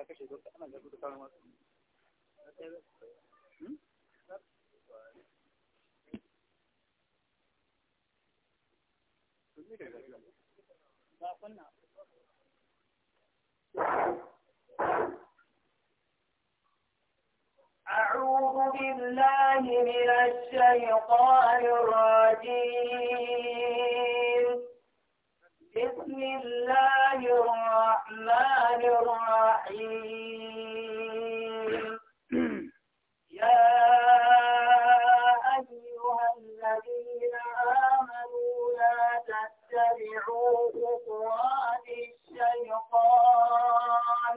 ta kashe gwamnati ana da أعوذ بالله من الشيطان الرجيم بسم الله الرحمن الرحمن الرحيم يا أيها الذين آمنوا لا تتبعوا خطوات الشيطان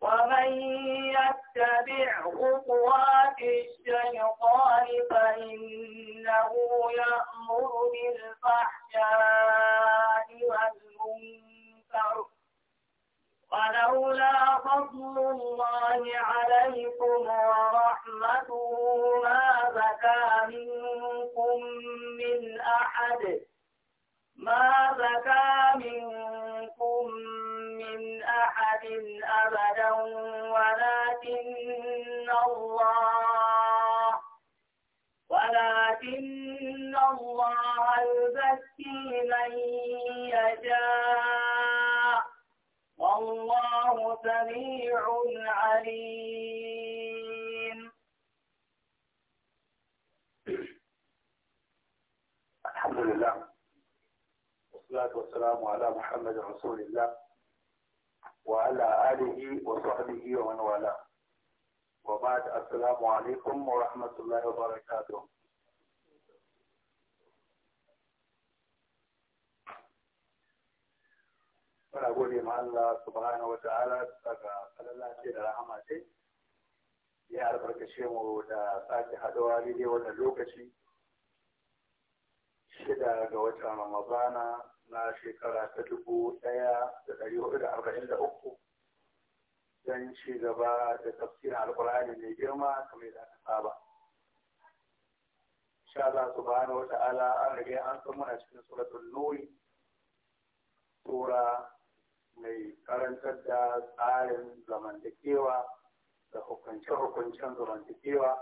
ومن يتبع خطوات الشيطان فإنه يأمر بالفحشاء والمنكر الأكثر ولولا فضل الله عليكم ورحمته ما زكى منكم من أحد ما زكى منكم من أحد أبدا ولكن الله ولكن الله يزكي من يشاء والله سميع عليم الحمد لله والصلاة والسلام على محمد رسول الله وعلى آله وصحبه ومن والاه وبعد السلام عليكم ورحمة الله وبركاته muna gode ma Allah subhanahu ta'ala daga falala ce da rahama ce ya albarkace mu da sake haɗuwa daidai wannan lokaci shida ga watan ramadana na shekara ta dubu ɗaya da ɗari hudu da arba'in da uku don ci gaba da tafsirin alkur'ani mai girma kamar da aka saba insha Allah subhanahu wa ta'ala an rage an san muna cikin suratul nuri sura mai karantar da tsarin zamantakewa da hukunce-hukuncen zamantakewa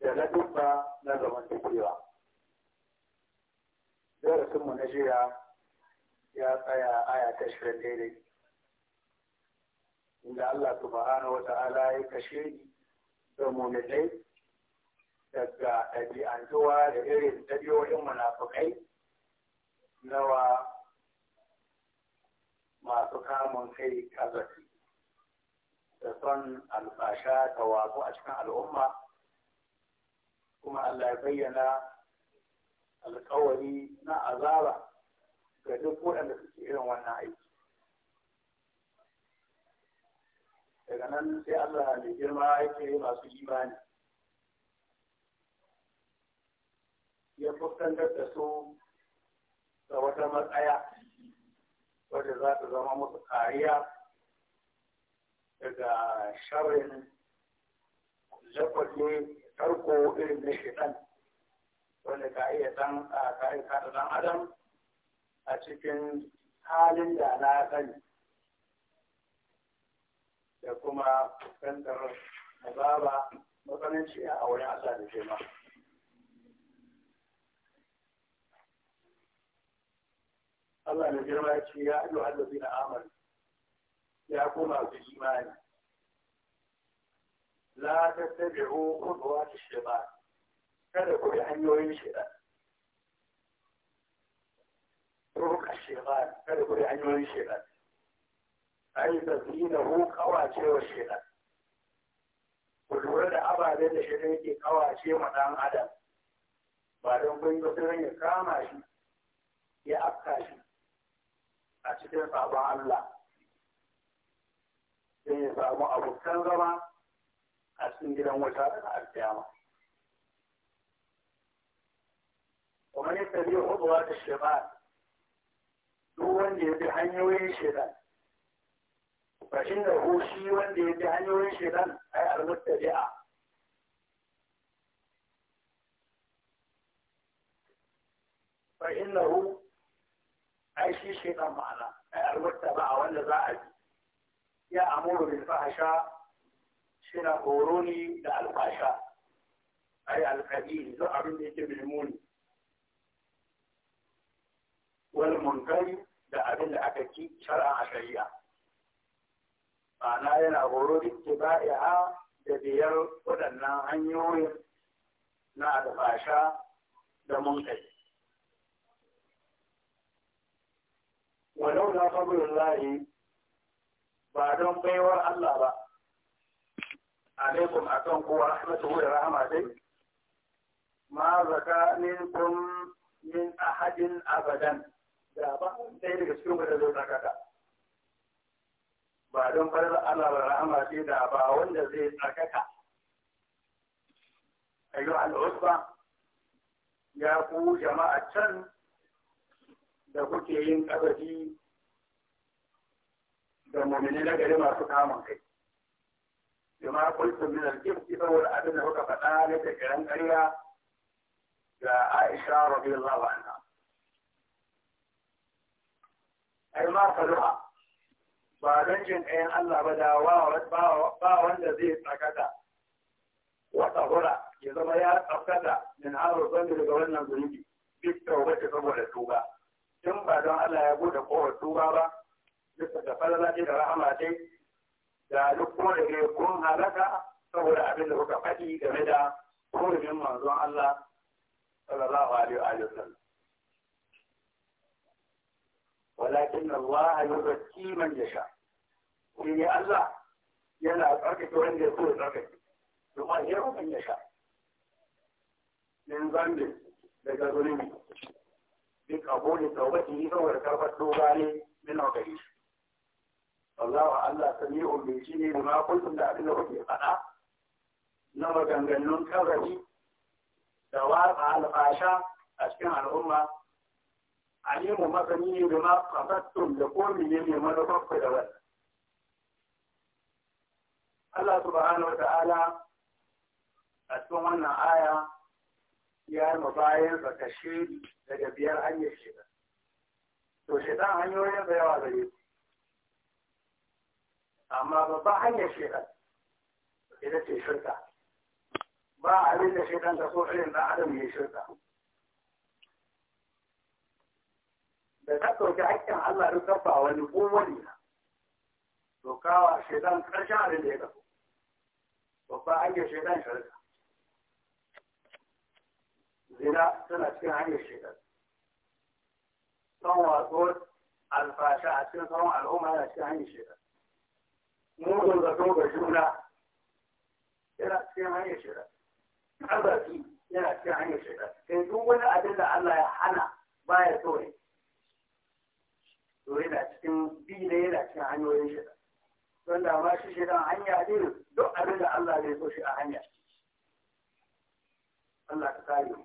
da na dubba na zamantakewa darasinmu na jiya ya tsaya aya ta shirin daidai إن الله سبحانه وتعالى يكشف المؤمنين تجا أبي أنجوا لغير تبيو يوم منافقين نوا ما تقام من خير كذبي تصن الفاشاة توابو أشكا الأمة كما الله يبين القولي نا أزالة كدفو أن تسيرون ونعيش daga nan sai Allah mai girma yake masu imani ya fuskantar da su da wata matsaya wadda za ta zama musu kariya daga sharrin lakwaje tarko irin na shekan wanda ka iya dan ka iya kada dan adam a cikin halin da na sani da kuma fuskantar azaba matsananci a wurin Allah da jema. Allah da girma ya ce ya ayyu allazi na amal ya koma su imani la tattabi'u khudwat ash-shaytan kada ku bi hanyoyin shaytan ruka shaytan kada ku bi hanyoyin shaytan ai da zina kawace wa shaitan ku lura da ababen da shaitan yake kawace ma dan adam ba don kun ba sai ya kama shi ya afka shi a cikin sabon Allah sai ya samu abokan zama a cikin gidan wata da na alkiyama ومن يتبع خطوات الشيطان duk wanda ya fi hanyoyin shaitan فإنه شي وندي يتهني ويشهدن أي المتبعة فإنه أي شيء شيطان معنا أي المتبعة ولا زائد يا أمور بالفحشاء شنا قولوني لا الفحشاء أي القديم لا أبن تبلموني والمنكر لا أبن أكتي شرعا شريعا ma'ana yana horo da ke da biyar waɗannan hanyoyin na alfasha da munkai. Walau na fabulun lahi ba don baiwar Allah ba, alaikum a kan kowa rahmatu da rahama dai, ma zaka minkum min ahadin abadan da ba ɗaya daga cikin wadda zai zakata. ba don farar Allah ba rahama ce da ba wanda zai tsarkaka ayyu al'usba ya ku jama'a can da kuke yin kabari da mumini na gari masu kamun kai bima kultum min al-kibti saboda abin da kuka faɗa na takiran ƙarya ga Aisha radiyallahu anha ai ma faruha ba don jin ɗayan Allah ba da ba wanda zai tsakata wata hura ya zama ya tsakata min haru zan daga wannan zunubi duk taubace saboda tuba in ba don Allah ya bude kowar tuba ba bisa da falala da rahama dai da duk kuma da kun halaka saboda abin da kuka faɗi game da kurbin manzon Allah sallallahu alaihi wa sallam walakin Allah yuzakki man yasha in ya Allah yana tsarkake wanda ya so ya tsarkake kuma ya rukan yasha min zambi daga zulmi bi kabuli tawbati saboda karbar duba ne min gari Allah wa Allah sami'un bi shi ne ma kuntum da abin da faɗa na maganganun kabari da watsa alfasha a cikin al'umma alimu masani ne da ma kafattun da komi ne ne manufarku da wani. Allah subhanahu wa ta'ala a cikin wannan aya ya yi bayan kashe daga biyar hanyar shida. To shaitan hanyoyin da yawa gare su. Amma babban hanyar shaitan ita ce shirka. Ba abin da shaitan ta so irin da adam ya shirka. da ta sauke haƙƙin Allah da kafa wani ko wani na to kawa shaitan karshen abin da ya kafa babba hanyar shaitan shirka zina tana cikin hanyar shaitan son watsuwar alfasha a cikin tsawon al'umma yana cikin hanyar shaitan mugun zato ga juna yana cikin hanyar shaitan arzaki yana cikin hanyar shaitan sai duk wani abin da Allah ya hana baya so ne to yana cikin bi ne yana cikin hanyoyin shida don da ma shi shidan hanya ne duk abin da Allah zai so shi a hanya Allah ka kare mu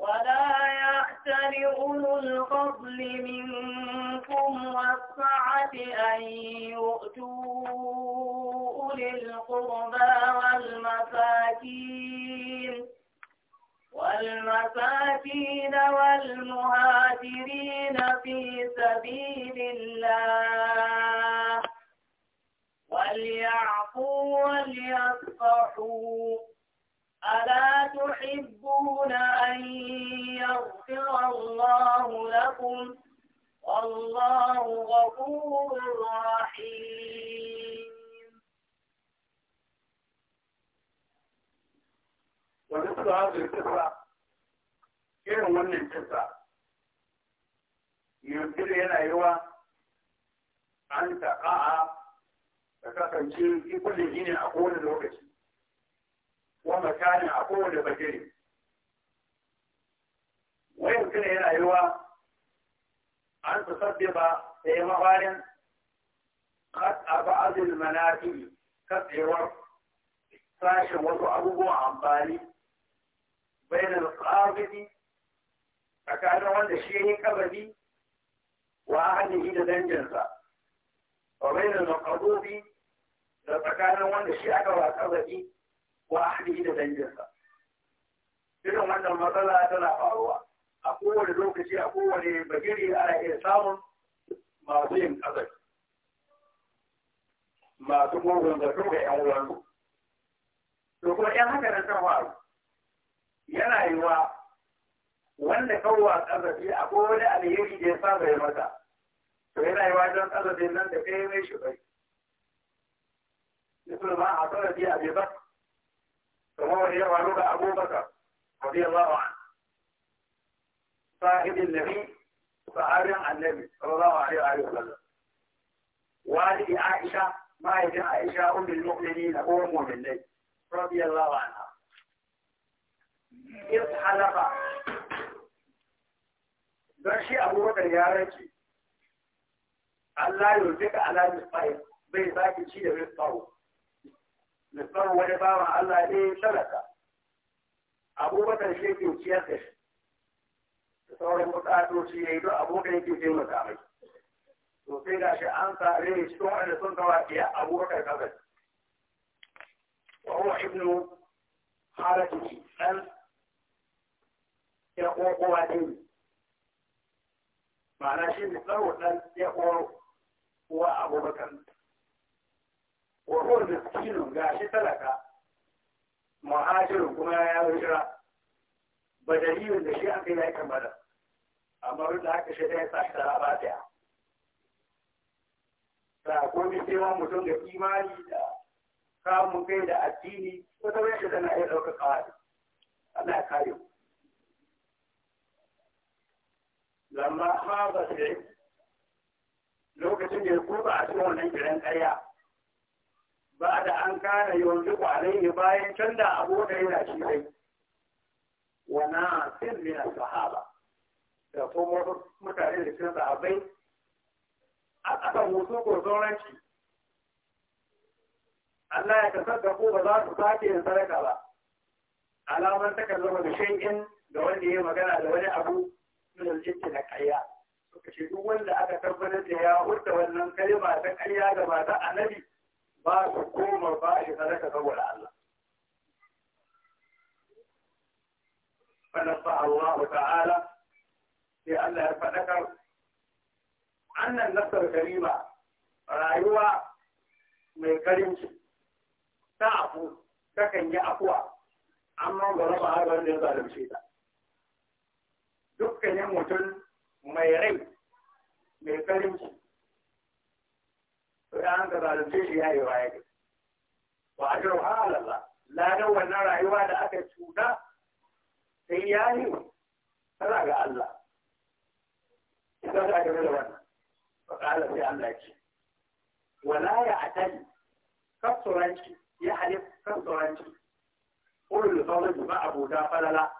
ولا يأتل أولو الفضل منكم والسعة أن يؤتون أولي القربى والمساكين والمساكين والمهاجرين في سبيل الله وليعفوا وليصفحوا ألا تحبون أن يغفر الله لكم والله غفور رحيم wani su hazin kisa irin wannan kisa yanzu yana yi wa an taƙa'a da kasance ikunin gini a kowane lokaci wa makanin a kowane bagire wayan kira yana yi wa an su sabbe ba da yi mafarin kat a ba'azin manafi katsewar sashen wasu abubuwan amfani بين القابض فكان وند الشيء قبضي وأهله لدنجنسا وبين المقبوض فكان وند الشيء قبضي وأهله لدنجنسا irin wannan matsala tana faruwa a kowane lokaci a kowane bagiri ana iya samun masu ƙasar masu mugun zato ga 'yan uwansu. To kuma 'yan haka na faru yana yiwa wanda kawwa kazafi a kowane alheri da ya saba ya mata to yana yiwa don kazafin nan da kai mai shi bai مثل ما أعطى في أبي بكر فهو يروى لك أبو بكر رضي الله عنه صاحب النبي صحابي عن النبي صلى الله عليه وآله وسلم والد عائشة ما يجي عائشة أم المؤمنين أم المؤمنين رضي الله عنها in halafa don shi abubakar ya rance Allah yau zai ka ala misfai bai zaki ci da misfawo misfawo wani bawan Allah ne talaka abubakar shi ke ciyar da shi da sauran shi ya yi don abokan yake taimaka mai to sai ga shi an tsare ne don wanda sun kawa iya abubakar kazan wa huwa ibnu halatihi dan ya uwa kowa ne ma'ana shi ne tsawo ɗan ya uwa uwa abubakar wa huwa miskinun ga shi talaka muhajirin kuma ya yi Ba dalilin da shi an kai yakin badar amma duk da haka shi da ya sashi da ba ta ta komai sai mutum da imani da kamun kai da addini wata bai shi tana iya ɗaukar kawai Allah ya kare mu lamma haba sai lokacin da ya kuka a cikin wannan kiran ƙarya ba da an kana yanzu kwalai bayan can da abota yana shi dai wana sin min sahaba da kuma mutane da cikin sahabbai a ƙasan hutu ko sauranci Allah ya kasar ko ba za su sake yin sadaka ba alamar takallama da shankin ga wanda ya magana da wani abu min al-jinn da ƙarya suka ce duk wanda aka tabbatar da ya hurta wannan kalma ta ƙarya da ba ta annabi ba su koma ba shi sadaka saboda Allah فنصح الله تعالى لأن فذكر أن النفس الكريمة رأيوة من كريمش تعفو yi afuwa. amma ba raba har wanda ya zalunce ta ne mutum mai rai mai karimci sai an ka zalunce shi ya yi waye ga ba a jirar la da wannan rayuwa da aka cuta sai ya yi sai ga Allah idan za ka da wannan ba ƙala sai Allah ce wala ya atali kasuranci ya halif kasuranci ulul fawzi ba abuda falala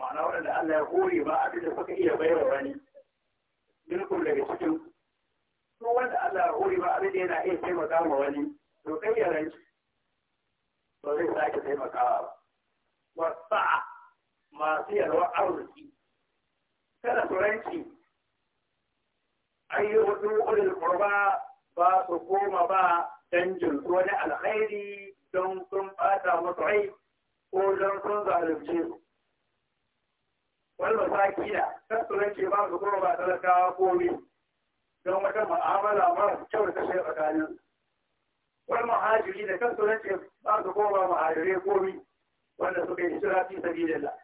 ma'ana wanda Allah ya kore ba abin da kuka iya bayar wani minkum daga cikin su wanda Allah ya kore ba abin da yana iya taimaka ma wani to kai ya ranci ba zai sake taimakawa ba wasa'a masu yalwa arziki kada su ranci ayyuhu ulul qurba ba su koma ba dangin wani alkhairi don sun bata musu ko don sun zalunce su wannan sakiya kasu rage ba su kuma ba talakawa komai don wata mu'amala mara kyau da kashe tsakanin wani muhajiri da kasu rage ba su kuma ba muhajirai komai wanda suka yi hijira fi sabilillah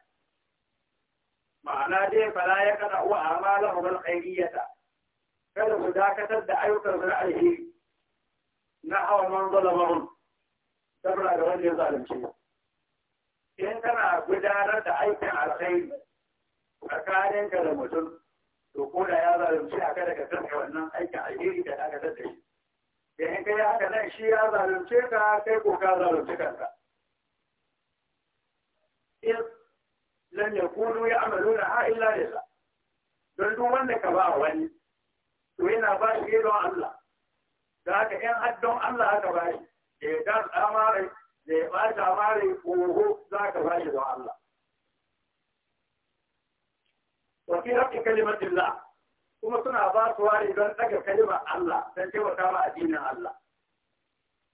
ma'ana dai fala ya kada uwa amala wa bal khairiyata kada su dakatar da ayyukan su na alheri na hawa man zalamahum saboda da wanda ya zalunce in kana gudanar da aikin alkhairi ka da mutum to ko da ya zalunci a kada ka tsarka wannan aikin alheri da aka tattaye da in kai haka nan shi ya zalunce ka kai ko ka zalunci kanka in lan yakunu ya'maluna ha illa lillah don duk wanda ka ba wani to yana ba shi don Allah da haka in addon Allah aka ba shi da ya dan amare da ya ba ta amare ko za ka ba shi don Allah wa fi haqqi kalimatillah kuma suna ba su don daga kalimar Allah don taimaka wa addinin Allah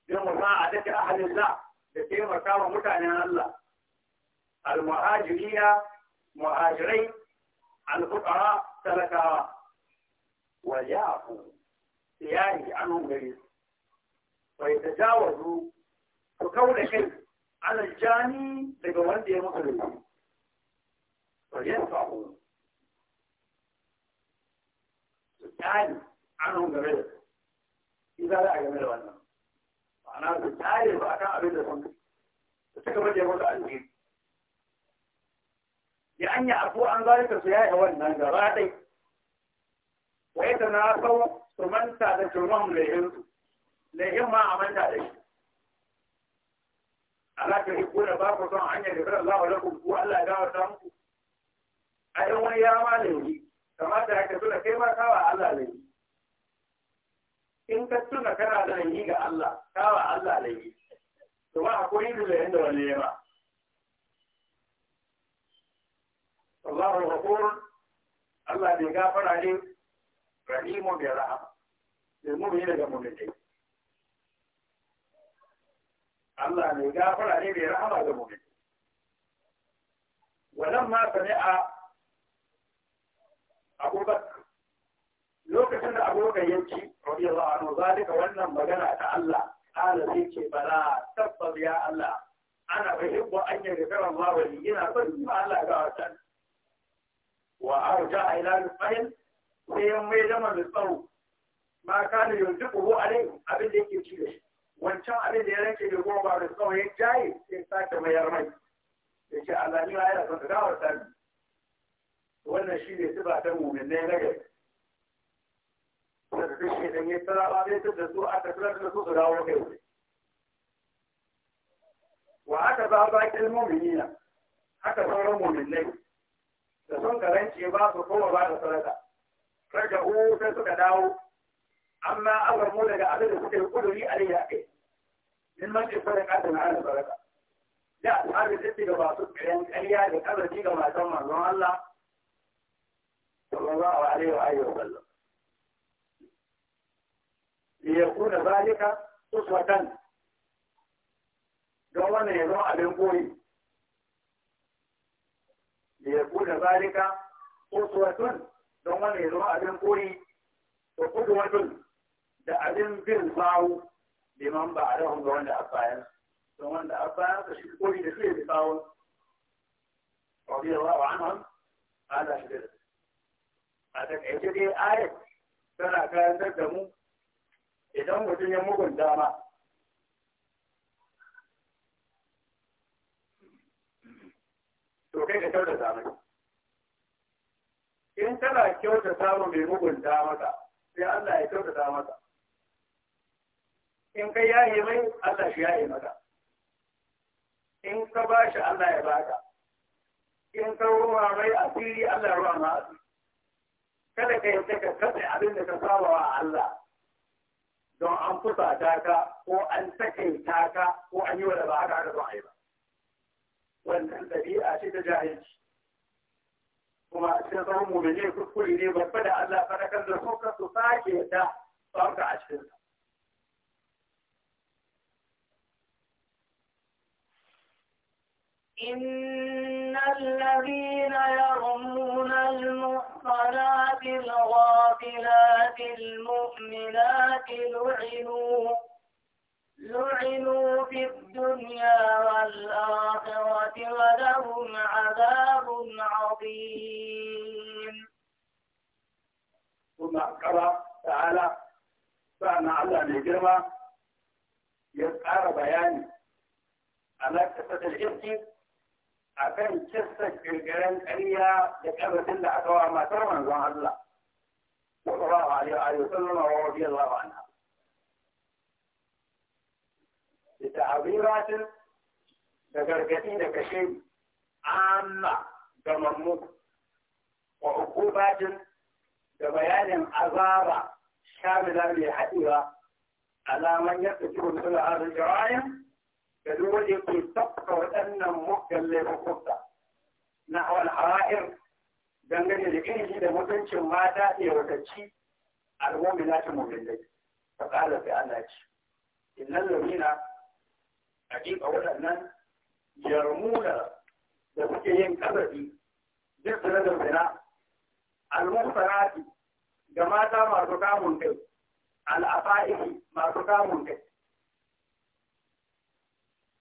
don mu a dace ahalillah da taimaka wa mutanen Allah al-muhajirina muhajirai al-fuqara talakawa wa ya'fu siyahi anhum gari wa yatajawazu su kauda kai ala jani daga wanda ya mutu da wa yanfa'u tare an game da shi za a game da wannan ma'ana su tare ba a kan abin da sun da suka baje musu alheri Ya an yi abu an zalika su yaya wannan gaba ɗai wa yadda na sau su manta da turman laihinsu laihin ma a manta da shi Allah ta yi kuna ba ku son hanyar da Allah wa lakum ku Allah ya gawa ta muku a yi wani yawa laihi kamata ya ka tuna kai ma kawa Allah ne in ka tuna kana da yi ga Allah kawa Allah ne to ba ma akwai dole yanda wani ya yaba Allahu Ghafur Allah bai gafara ne rahimu bai rahama bai mu bai daga mu'minai Allah bai gafara ne bai rahama ga mu'minai ولما سمع abubakar lokacin da abubakar ya ci radiyallahu anhu zalika wannan magana ta Allah ala zai ce bala tabbas ya Allah ana fahimbo an yi rikar Allah ina son yi ma Allah ga wasan wa arja ila nufahin sai yan mai dama da tsawo ma kana yanzu kuhu alai abin da yake ci da shi wancan abin da ya rage da goma da tsawo ya jaye sai sake mayar mai da ce Allah ni ma yana son ga wasan وانا شيء يتبع تمو من نين نجد تتشي لن يتبع بعضي تدسو حتى تلاش نسوس راو كيولي وحتى بعض المؤمنين حتى تغرموا من نين تسون كرين شيء بعض صوة بعد صلاتا رجعوا تسوك داو أما أول مولك أبدا سوك القدري عليها إيه من من يفرق عدد على صلاتا لا هذا ستي لباسوك كرين كريا لكبر جيغا ما تمر الله صلى الله عليه وآله وسلم don wannan ya zama abin koyi da ya kuna zalika don wannan ya zama abin koyi da kudwatun da abin bin bawu liman ba a rahun ga wanda a bayan don wanda a bayan ka shi koyi da su ya bi bawun radiyallahu anhum ala shidda a takaice dai ayat tana karantar da mu idan mutum ya mugun dama to kai ka kyautata mai in tana kyautata ma mai mugun mata sai Allah ya kyautata mata in kai yaye mai Allah shi yaye maka in ka ba shi Allah ya baka in ka ruwa mai asiri Allah ruwa ma asiri kada ka yadda ka katse abin da ka saba wa Allah don an fusa ta ka ko an takaita ka ko an yi wa da ba haka haka don a yi ba wannan ɗabi'a ce ta jahilci kuma cikin sahun mu ne kuskure ne babba da Allah fadakar da su ka su sake da ba ka a cikinsa إن الذين يرمون المحصنات الغافلات المؤمنات لعنوا لعنوا في الدنيا والآخرة ولهم عذاب عظيم ثم قال تعالى فأنا على نجرمه يسعى بياني على كثرة الإرث a kan kissa kirkiren ƙarya da ƙarfin da aka wa matar manzon Allah. Sallallahu alaihi wa sallam wa radiyallahu anha. Da ta'abiratin da gargaɗi da kashe amma ga mammuk wa hukubatin da bayanin azaba shamila mai haɗewa alaman yadda cikin suna arzikin da duk wanda yake tafka waɗannan muggan laifuka na awal hara'ir dangane da kirji da mutuncin mata ne watacci na ta mummillai ta ƙara sai Allah ce innan lamina hakika waɗannan yarmuna da kuke yin kazafi duk da da zina al-muhsanati ga mata masu kamun kai al-afa'ihi masu kamun kai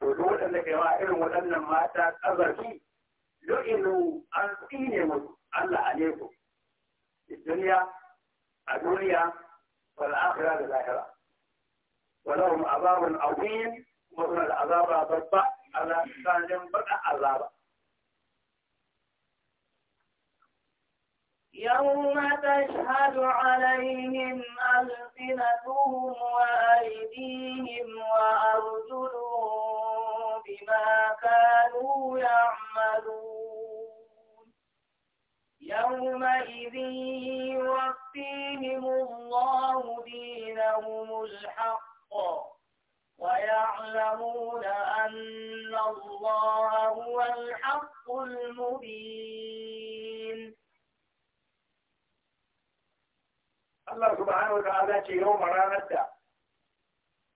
to duk waɗanda ke wa irin waɗannan mata ƙazarfi lu'inu an tsine musu Allah alaikum duniya a duniya wal akhira da lahira ولهم عذاب عظيم ومن azaba. ضبع على لسان بقى عذابا يوم تشهد عليهم ألسنتهم وأيديهم وأرجلهم بما كانوا يعملون يومئذ يوفيهم الله دينهم الحق ويعلمون أن الله هو الحق المبين الله سبحانه وتعالى يوم رانتا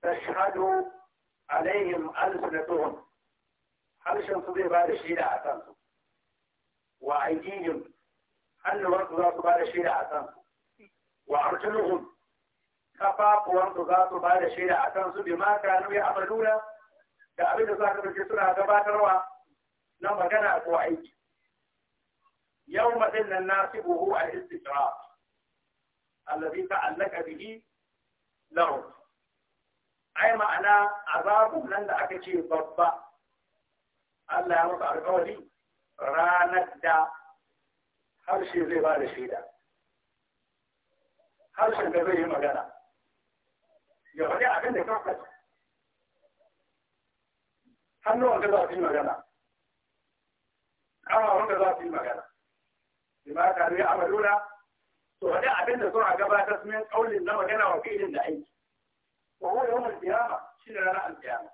تشهد عليهم ألسنتهم حلشن صدي بارش إلى أتنس وأيديهم حل ورق ذات بارش إلى أتنس وأرجلهم كفاق ورق ذات بارش إلى أتنس بما كانوا يعملون كأبيد ساكر الجسر أتباك روا نما كان أكو عيد يوم إن الناس هو الاستقرار الذي تعلق به لهم أي معنى عذاب لن أكتشي ببا الله يرد على قولي رانت دا هل شيء زي بعد الشيء دا هل شيء بيبيه مغانا يغني عقل نكاكت هل نوع قضاء في مغانا كما هو قضاء في مغانا لما كانوا يعملونا تغني عقل نسرع قبل تسمين قولي لما كان وكيل النعيم وهو يوم القيامة شنو لنا القيامة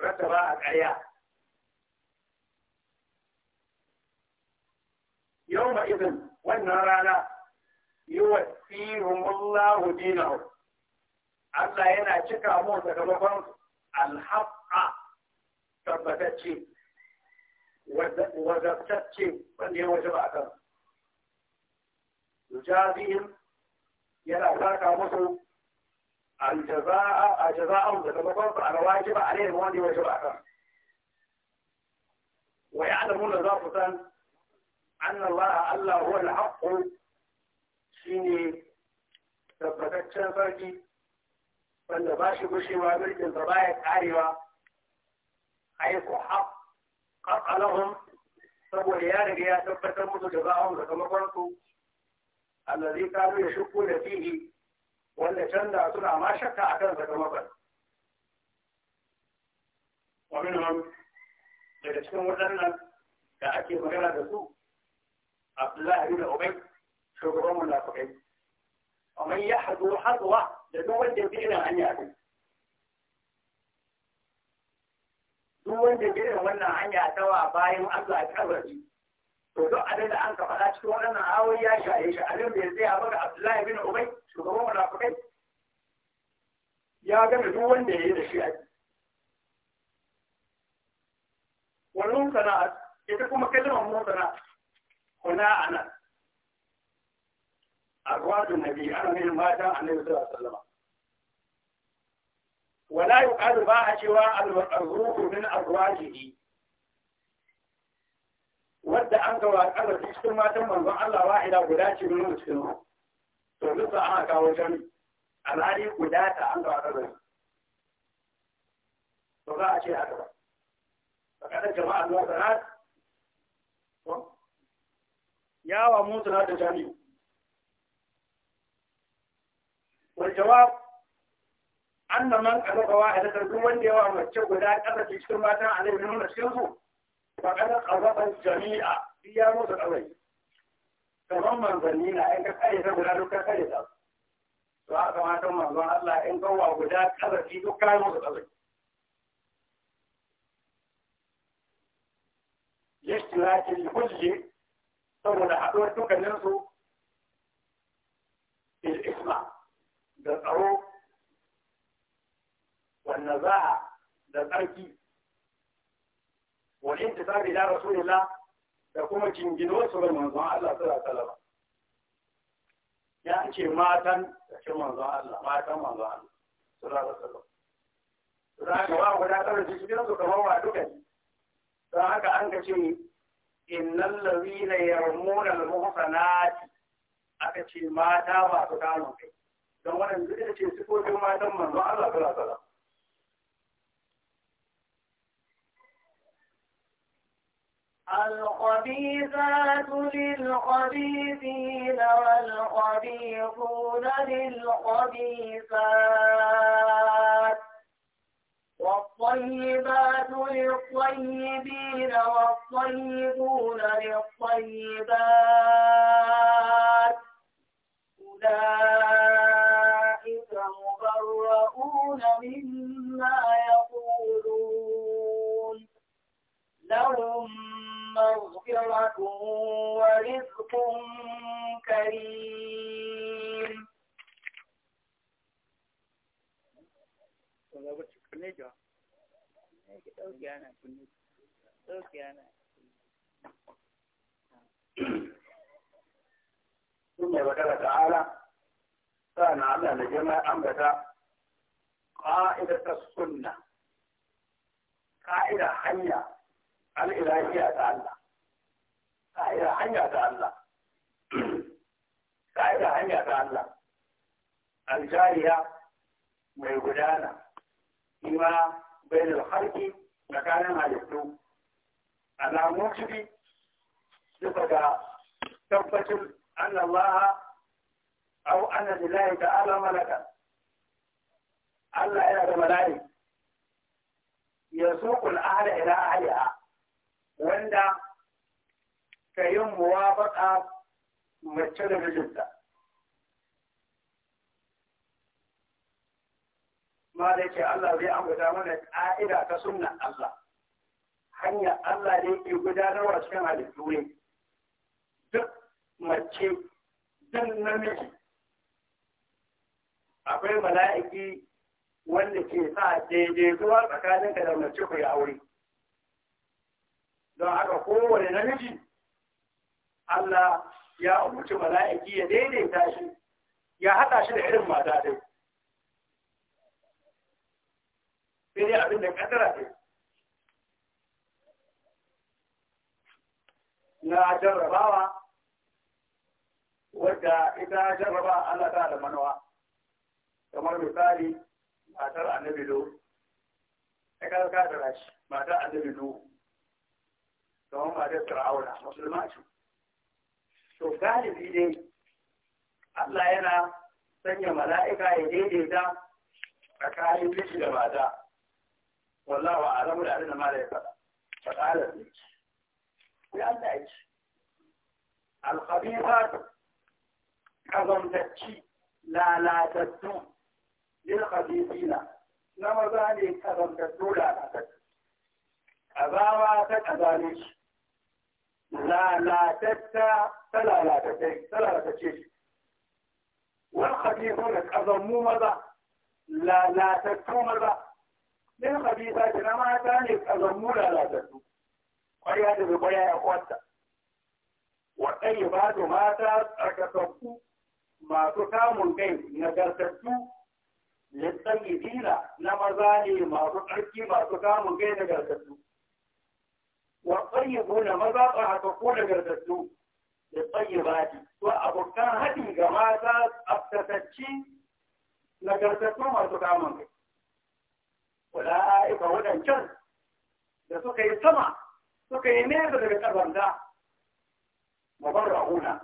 رتباء الحياة يومئذ والنار لا يوفيهم الله دينهم ألا هنا شكا موسى كمفهوم الحق تبتتشي وزبتتشي فاللي هو شبع كم يجازيهم يلا ذاك موسى الجزاء الجزاء متفق على واجب عليه الماضي واجب عليه ويعلمون ذاتا أن الله ألا هو الحق سيني تبتك شنفاكي فأنت باشي بشي وابرك ان باية عاريوة حيث حق قطع لهم طب وليارك يا تبتك موت جزاءهم لكما قلتوا الذي كانوا يشكون فيه wanda can da suna ma shakka a kan sakamakon. Wani nan daga cikin waɗannan da ake magana da su, Abdullahi Ali da Obai, shugaban munafukai. Amma ya hazo haɗuwa da duk wanda ya ke irin hanya ne. Duk wanda ke irin wannan hanya ta wa bayan Allah ya karbar to duk abin da an ka faɗa cikin waɗannan awoyi ya shaye shi abin bai tsaya ba ga Abdullahi bin Ubay shugaban munafikai ya gane duk wanda ya yi da shi a wannan sana'a ita kuma kalmar mun sana'a kuna ana arwadu nabi ana ne matan annabi sallallahu alaihi wasallam wala yuqalu ba a cewa al-ruhu min arwajihi ودع عنك وقال لك اشتر ما تم من قال الله واحد او قداتي من المسكين تغلط عنا كاوشن على هذه قداتة عنك وقال لك وقال اشي هذا أن الجماعة الوزنات يا وموت هذا جميع والجواب أن أن أن من قال واحد تردون وندي وامتشو قداتة قدرت اشتر ما تم عليه من المسكين وقد قضب الجميع في موسى الأولي تمام من ظنين أنك أي سبلا لك خلصا سواء كما تمام الله أنك هو أبدا كذا في دكا موسى الأولي يشتلات الهجي ثم لحضرتك الناس بالإسماء بالطروق والنزاع بالتركيب wal intisabi ila rasulillah da kuma jingino su ga manzon Allah sallallahu alaihi wasallam ya ce matan da cikin manzon Allah matan manzon Allah sallallahu alaihi wasallam za ka ba guda tsara cikin su kamar wa duka don haka an ka ce innal ladhina yarmuna al muhsanati aka ce mata ba su kamun kai don wannan duk da ce sifofin matan manzon Allah sallallahu alaihi wasallam الخبيثات للخبيثين والخبيثون للخبيثات والطيبات للطيبين والطيبون للطيبات أولئك مبرؤون مما يقولون لهم مغفرة ورزق كريم ثم ذكر تعالى كان على الجماعة أنبت قاعدة السنة قائدة حية al'iraniya ta Allah ka'ida hanya ta Allah ka'ida hanya ta Allah aljariya mai gudana ima bayan alharki tsakanin halittu alamun ciki duka ga tabbacin an Allah au an lillahi ta'ala malaka Allah yana da mala'i ya suqul ahla ila ahliha wanda ka yi muwafaƙa mace da mijinta. Ma da ke Allah zai guda mana ƙa'ida ta sunnan Allah. Hanya Allah da yake gudanarwa cikin halittu ne. Duk mace, duk namiji. Akwai mala'iki wanda ke sa daidai zuwa tsakaninka da mace ku yi aure. don haka kowane namiji Allah ya umarci mala'iki ya daidaita shi ya haɗa shi da irin mata dai sai dai abin da kadara dai na jarrabawa wadda ita jarraba Allah ta da manowa. kamar misali matar annabi lo ta karkata rashi matar annabi lo kamar ba da fir'auna musulma ce to galibi dai Allah yana sanya mala'ika ya daidaita tsakanin miji da mata wallahu a'lamu da abin da mala ya faɗa faɗalar ne ya Allah ya ce alkhabithat kazantacci lalatattu lil khabithina na maza ne kazantattu lalatattu azawa ta kazane shi lalatatta ta lalatacce shi wal khabithu da kazammu maza lalatattu maza min khabitha ta na mata ne kazammu lalatattu kwarya da kwarya ya kwanta waɗanda ba su mata tsarkakakku masu kamun kai nagartattu littafi dina na maza ne masu tsarki masu kamun kai nagartattu والطيبون ماذا تقول جردتو للطيبات وأبوكان هدي جماعات أبتتشي لجردتو ما تكامل ولائك ودن جن لسوك يسمع سوك ينير لكتبن دا مبرعون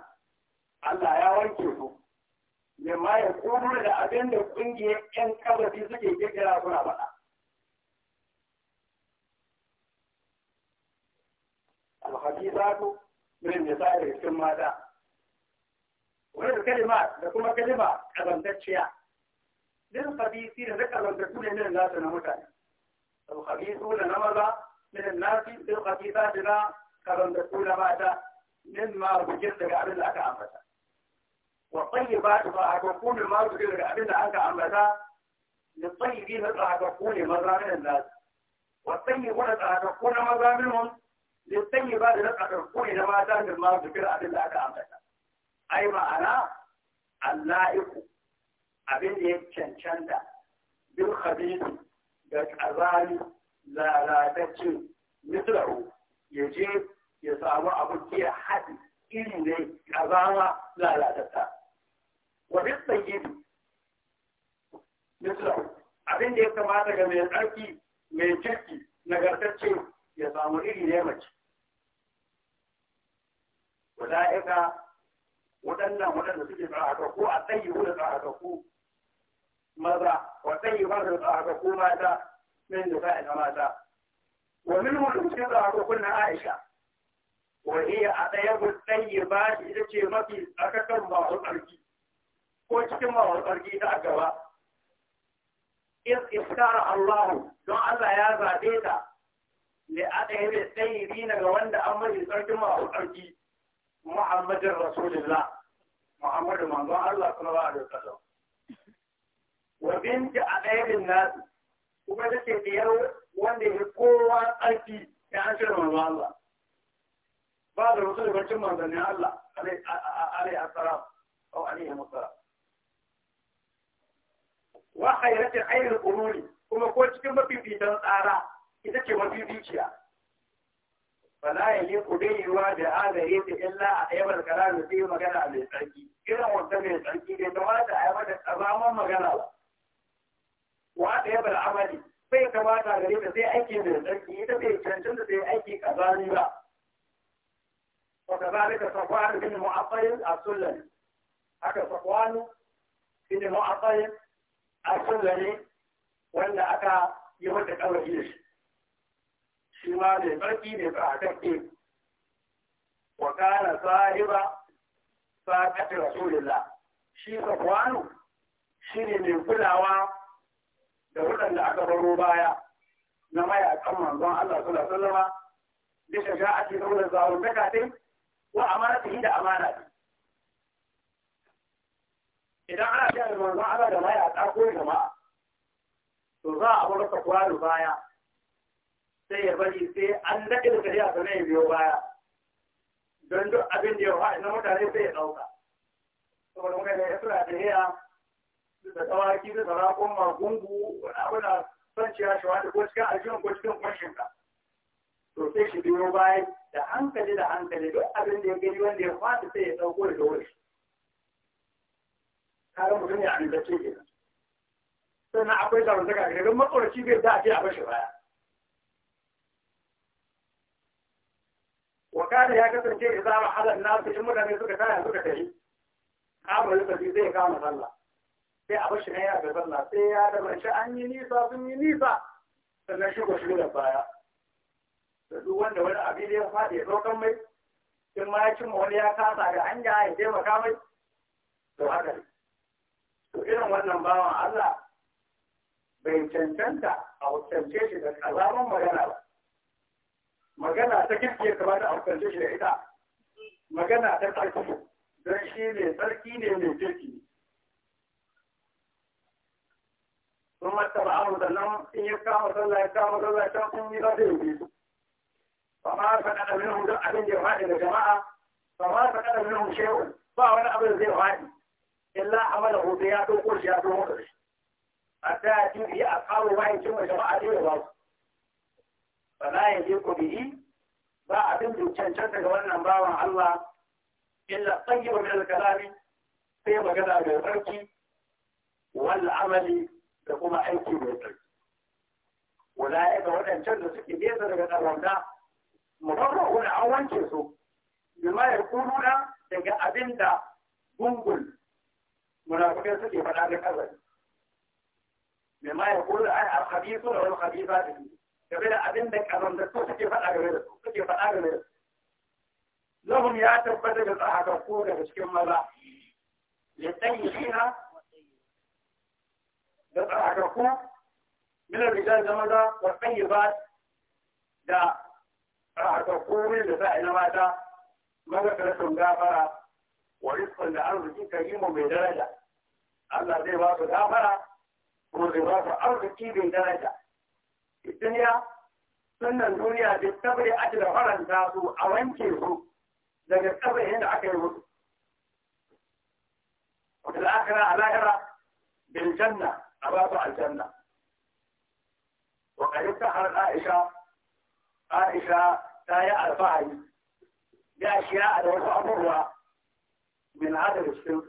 Allah ya wanke su لما يقولون لأبين لقنجي أن كبرتي سكي كيكي لا بقى والحديثات من النساء cikin mata wannan kalima da kuma kalima kazantacciya din hadisi da kazantattu ne nan nasu na mutane al khabisu da na maza min al nasi bil khabisati da kazantattu da mata min ma bujin daga abin da aka ambata wa tayyibatu fa aka kuma ma bujin daga abin da aka ambata da tayyibin da aka kuma maza min al nasi wa tayyibun da aka kuma maza minhum sai ba da nan a ɗauko na mata da ma zikir abin da aka ambata ai ma'ana allahiku abin da ya cancanta bin khabisi da kazali lalatacce mislahu ya je ya samu abin da ya haɗi iri ne kazama lalatata wa bil tsayyidi mislahu abin da ya kamata ga mai tsarki mai kirki nagartacce ya samu iri ne mace wada'ika waɗannan waɗanda suke tsarkakaku a tsayi wuda tsarkakaku maza wa tsayi ba da tsarkakaku mata min da sa'in mata wa min mutum cikin tsarkakakun na aisha wa iya a ɗaya ku tsayi ba shi ita ce mafi tsarkakan wa tsarki ko cikin wa tsarki ta gaba in iskara Allahu don Allah ya zaɓe ta ne a ɗaya da tsayiri na ga wanda an mai tsarkin masu tsarki muhammadin rasulullah muhammadu manzon allah kuma ba a da kasa wa binti a ɗaya da nasu kuma ta ce biyar wanda ya kowa tsarki ya an shirya manzon allah ba da wasu dabarcin manzannin allah alai asalam au alaihi musalam wa khairatul ayyul umuri kuma ko cikin mafifitan tsara ita ce mafi dukiya za a yi kudewa da agare ta illa a ayabar kala da zai magana a mai tsarki irin wanda mai tsarki bai kamata a yabar da tsabaman magana ba wa ta yabar amali bai kamata gare ta sai aiki mai tsarki ita bai da sai aiki kazani ba وكذلك صفوان بن معطل السلمي haka sakwano shi ne mu'afayin a sullani wanda aka yi wata kawai shi shi ma mai barki ne tsakake wa kana sahiba sa'ati rasulillah shi safwanu shi ne mai kulawa da waɗanda aka baro baya na mayakan manzon Allah sallallahu alaihi wasallam bisa sha'ati saboda zaluntaka ta wa amanatihi da amanati idan ana cewa manzon Allah da mayaka ko jama'a to za a bar safwanu baya sai ya bari sai an daɗe da kariya a ya biyo baya don duk abin da ya faɗi na mutane sai ya ɗauka saboda mutane ya suna da hiya da tsawaki da sarakon magungu abuna son ciya shi da ko cikin aljihun ko cikin ka. to sai shi biyo baya da hankali da hankali duk abin da ya gani wanda ya fata sai ya ɗauko da wuri. kare mutum ya amince kenan sannan akwai zaruntaka don matsoraci bai da a ce a bashi baya wakana ya kasance da zama halar na in mutane suka taya suka tafi kama lokaci zai kama sallah sai a bashi yana da sallah sai ya da mace an yi nisa sun yi nisa sannan shigo shi da baya da duk wanda wani abin da ya faɗi ya ɗaukan mai in ma ya wani ya kasa da hanya ya taimaka mai to haka ne to irin wannan bawan Allah bai cancanta a hukumce shi da kazaman magana ba magana ta ya kamata a hukunce shi da ita magana ta tsarki don shi ne tsarki ne mai kirki sun mata ba amu da nan in ya kama sallah ya kama sallah ta sun yi zata yi ba ma ka kada min hudun abin da ya faɗi da jama'a ba ma ka kada min hudun ba wani abin zai faɗi illa amala hudu ya ɗauko shi ya ɗauko shi a ta yi a kawo bayan cin jama'a ne ya ba su fala ya ku bihi ba abin da cancanta ga wannan bawan Allah illa tsayyaba min al-kalami sai magana mai tsarki wal amali da kuma aiki mai tsarki ulaika waɗancan da suke nesa daga tsarwanda mubarra'una an wanke su bima yaquluna daga abin da gungul munafikai suke faɗa da game da abin da kazantattu suke faɗa game da su suke faɗa game da su lahum ya tabbata da tsahakakku daga cikin maza ya tsayi shina da tsahakakku minar rijal da maza wa tsayi ba da tsahakakku wurin da sa'i na mata maza karatun gafara wa rizkun da arziki karimu mai daraja Allah zai ba su gafara kuma zai ba su arziki mai daraja الدنيا سنة الدنيا بالصبر أجل غرن ذاته أو يمكنه لأن الصبر هنا عكره وفي الآخرة الآخرة بالجنة أباطع الجنة وقد افتخرت عائشة عائشة تايع الفاعل بأشياء لو تأمرها من هذا الاسلوب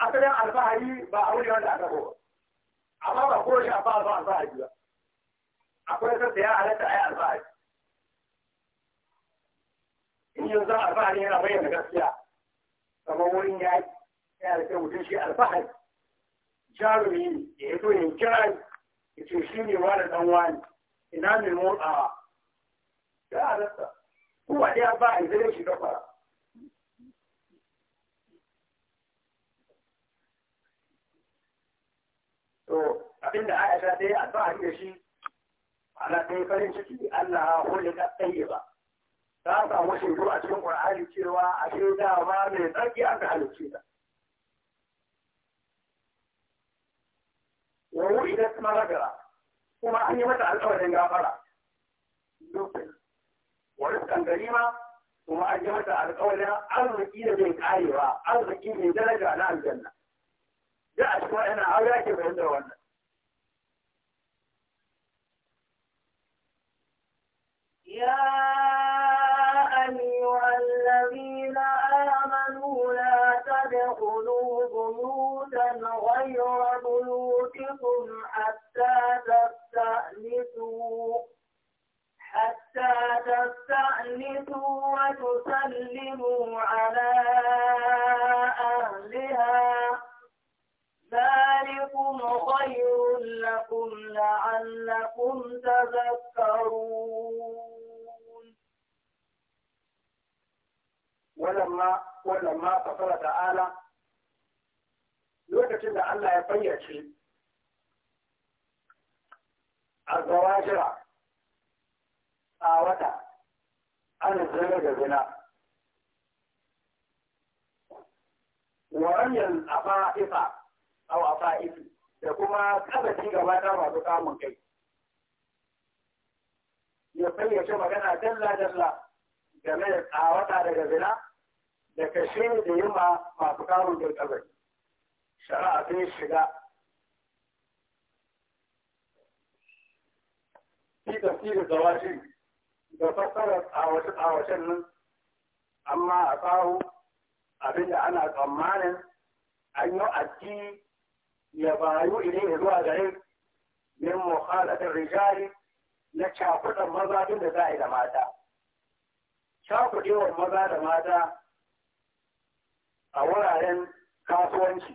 أصلا الفاعل بأولي ولا أدبه أمر أخوش أفعل فاعل فاعل akwai sassa ya halatta a yi alfahari in yanzu alfahari yana bayyana gaskiya kamar wurin ya yi, ya da kai mutum shi alfahari jarumi ya yi yin kiran ya ce shi ne wa da ɗan wani ina mai motsawa ya halatta kuma ɗaya ba a yi zai shi gafara to abinda Aisha ta yi alfahari da shi ana kai farin ciki Allah hulika tayyiba ta samu shekaru a cikin Qur'ani cewa a da ba mai tsaki an ka halicce ta wa wulidat maragara kuma an yi mata alƙawarin gafara lokacin wani rizqan garima kuma an yi mata alƙawarin arziki da bai karewa arziki mai daraja na aljanna da a cikin wannan aure ake fahimtar wannan يا أيها الذين آمنوا لا تدخلوا بيوتا غير بيوتكم حتى تستأنسوا حتى تستأنسوا وتسلموا على أهلها ذلكم خير لكم لعلكم تذكرون Wannan ma fasara ta'ala lokacin da Allah ya fayyace azawajira a wata an zira da zina waranyan afa'ifa au afa'ifi da kuma kada ci gaba ta masu kamun kai ya fayyace magana dalla dalla game da tsawata daga zina da kashe da yamma masu kamun da tsabar shari'a zai shiga fi tafsirin zawashi da fassarar tsawashe-tsawashen nan amma a tsawo abinda ana tsammanin an yi addini ya bayu idan zuwa garin min mukhalatar rijali na cakudan maza tun da za a yi da mata. Cakuɗewar maza da mata a wuraren kasuwanci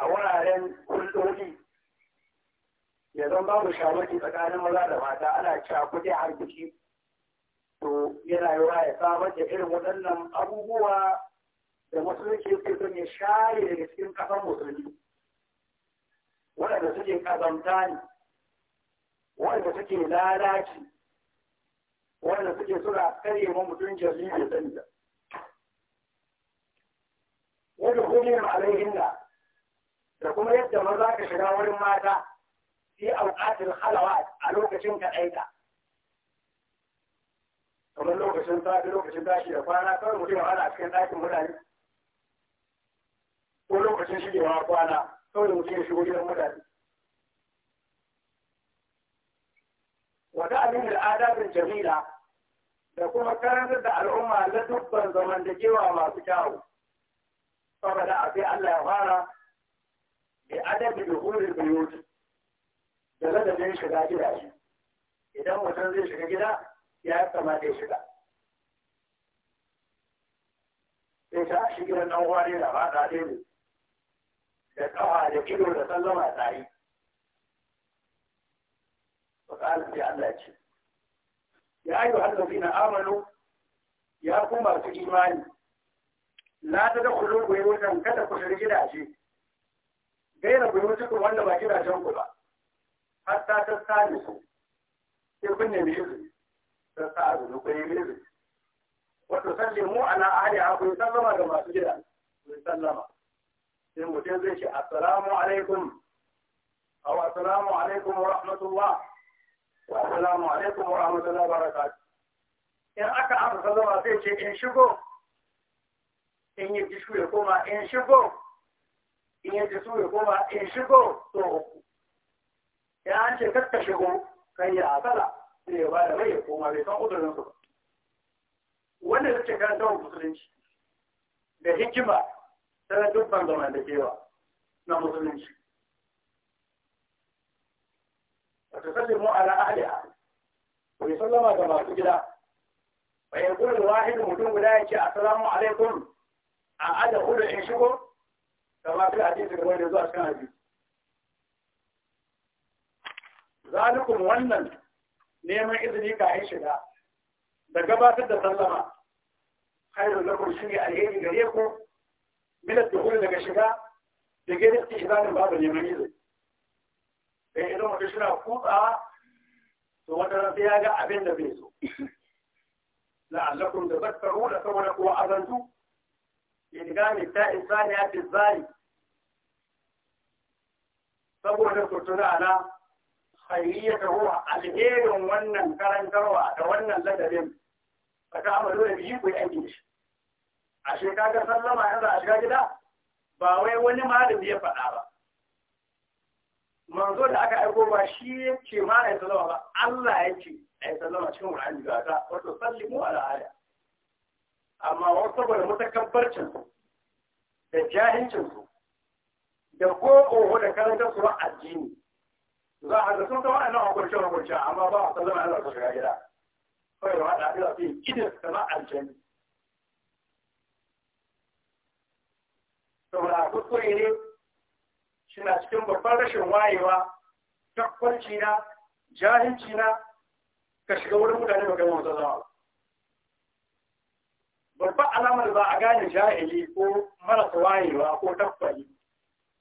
a wuraren hulɗoɗi ya zan babu shawarci tsakanin maza da mata ana cakuɗe har biki to yana yiwa ya samar da irin waɗannan abubuwa da musulunci ke son ya share daga cikin ƙasar musulmi waɗanda suke ƙazamta ne waɗanda suke lalaci waɗanda suke suna karye mutum jami'a da sani kuma yadda عليهن ka shiga wurin mata, ماتا في أوقات halawa a lokacin أيتا kamar lokacin safi lokacin tashi da kwana kawai mutum ya hana cikin ɗakin mutane ko lokacin shigewa kwana kawai mutum ya shigo gidan mutane wata abin da adabin jamila da kuma karantar da al'umma na dubban zamantakewa masu kyawu فبدأ في ألا يغار بأدب دخول البيوت بلد من شكا جدا إذا هو تنزل شكا جدا يا كما دي شكا إذا شكرا نواري لغا قادم لقاها لكيلو لسلم أتعي وقال في الله يا أيها الذين آمنوا يا كما في إيماني la ta da kullum ku wutan kada ku shiga gidaje gaira ku yi wanda ba gidajen ba har ta ta sani su sai kun nemi izini ta sa a zuwa ku nemi izini wato sallin mu ana ahli a ku yi sallama ga masu sai zai alaikum alaikum wa alaikum in aka amsa sallama zai ke in shigo in yi gishu ya koma in shigo in yi gishu ya koma in shigo to uku ya an ce kakka shigo kan yi asala sai ya bada mai ya koma bai san udurin su ba wanda ta ce karanta wa musulunci da hikima ta na dubban zamantakewa na musulunci wata sallimu ala ahliha ku yi sallama ga masu gida bayan kullum wahid mutum guda ya ce assalamu alaikum a ada hudu in shigo kama fi hadisi kamar da zuwa cikin hadisi zalikum wannan neman izini ka yi shiga da gabatar da sallama khairu lakum shi ne alheri gare ku min ad-dukhul daga shiga da gare istihzan babu neman izini dan idan mutum shi na kutsa to wata ran ya ga abin da bai so la'allakum tadhakkaruna saboda ku azantu idgam ta'in saniya fi zai saboda ku tuna ala khayriyata huwa alherin wannan karantarwa da wannan ladabin ta amalu da biyu ku yi aiki shi a shekara sallama yanzu a shiga gida ba wai wani malami ya faɗa ba manzo da aka aiko ba shi ya ce ma ya sallama ba Allah ya ce ya sallama cikin Qur'ani ga wato salli mu ala amma wasu saboda mutakabbarcin jahilcinsu da ko oho da karanta su addini za a ga sun ga waɗannan hukunce hukunce amma ba a san zama ana shiga gida kawai da waɗanda ila su yi su kama aljani saboda a kuskure ne suna cikin babban rashin wayewa takwanci na jahilci na ka shiga wurin mutane ba ga mawata zama babban alamar ba a gane jahili ko marasa wayewa ko tabbali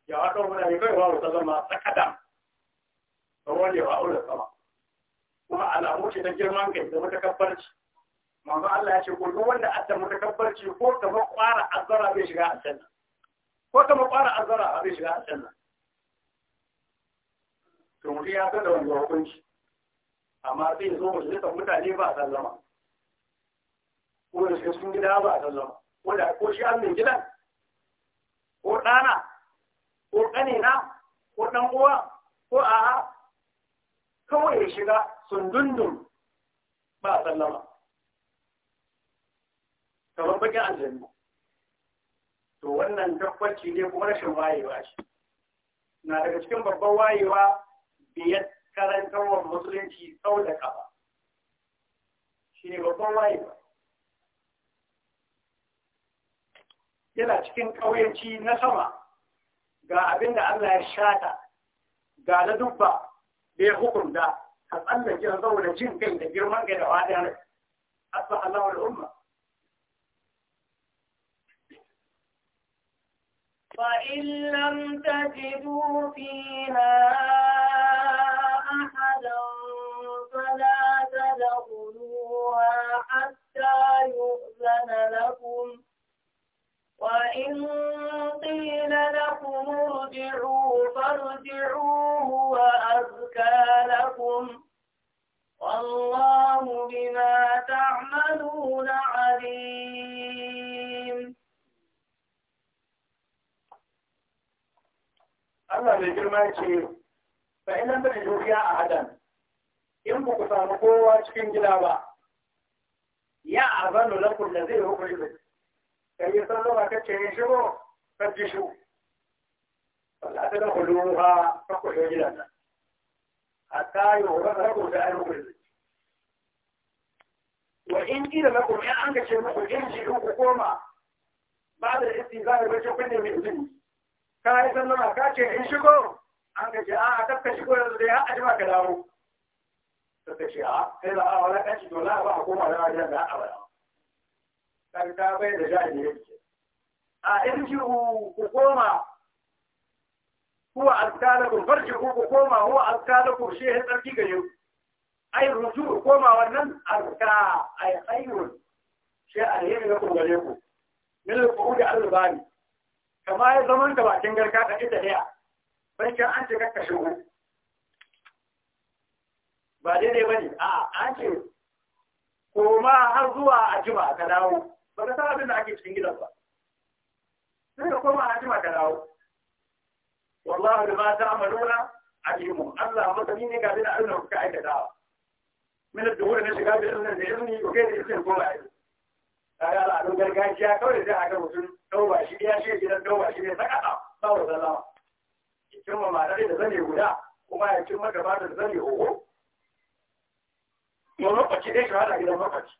ya wato muna yi kaiwa ta zama tsakada ba wani ba aure sama kuma alamu ce ta girman kai da mutakabbarci manzo Allah ya ce ko duk wanda adda mutakabbarci ko kama kwara azara bai shiga aljanna ko kama kwara azara bai shiga aljanna to mutum ya ga da wani hukunci amma zai zo mu mutane ba sallama wanda suka sun gida ba a sallama wanda ko shi an min gidan ko ɗana ko ƙanina ko ɗan uwa ko a'a kawai ya shiga sun dundun ba a sallama kamar bakin aljanna to wannan tabbaci ne kuma rashin wayewa shi na daga cikin babban wayewa biyar karantarwar musulunci sau da kafa shi ne babban wayewa yana cikin ƙauyenci na sama ga abin da Allah ya shata ga na dubba da ya hukunta ka tsallake a zaune jin kai da girman gai da wadar asa Allah wal umma فإن لم تجدوا ma ce ba idan da dukiya a hadan in ba ku samu kowa cikin gida ba ya zanu lakum da zai hukuri da kai san zama kace yin shigo kaji Ba wala ta da huluha fa ta shigo gidan da ayyukan وإن قيل لكم يا أنك شيخ ارجعوا حكومة بعد الاستيزاء الرجل كل من إذن shigo? an ka ce a tafka shigo yanzu dai har ajima ka dawo ta ta ce a sai da a wani ɗan shi dole ba a koma da wajen da a bada kan ta bai da jari ne ke a in ji ku koma huwa alkalakun farji ku ku koma huwa alkalakun shi ya tsarki ga yau ai ku koma wannan alka ai khairun shi alheri na ku gare ku min ku qudi al-bani kama ya zaman ka bakin garka ka ita daya bakin an ce kaka shigo ba daidai ba ne a an ce koma har zuwa a jima ka dawo ba ka san abin da ake cikin gidan ba sai ka koma a jima ka dawo wallahu da ma ta a alimu Allah masani ne ga da abin da kuka aikatawa min da duhur na shiga da izinin da izini ko kai da izinin ko ba izini kaga al'adun gargajiya kawai da a ga mutum dauba shi ya shi gidan dauba shi ne sakata ba wa zalama cimma matar da zane guda kuma ya cimma gaba da zane oho Ma lokaci dai shi hada gidan lokaci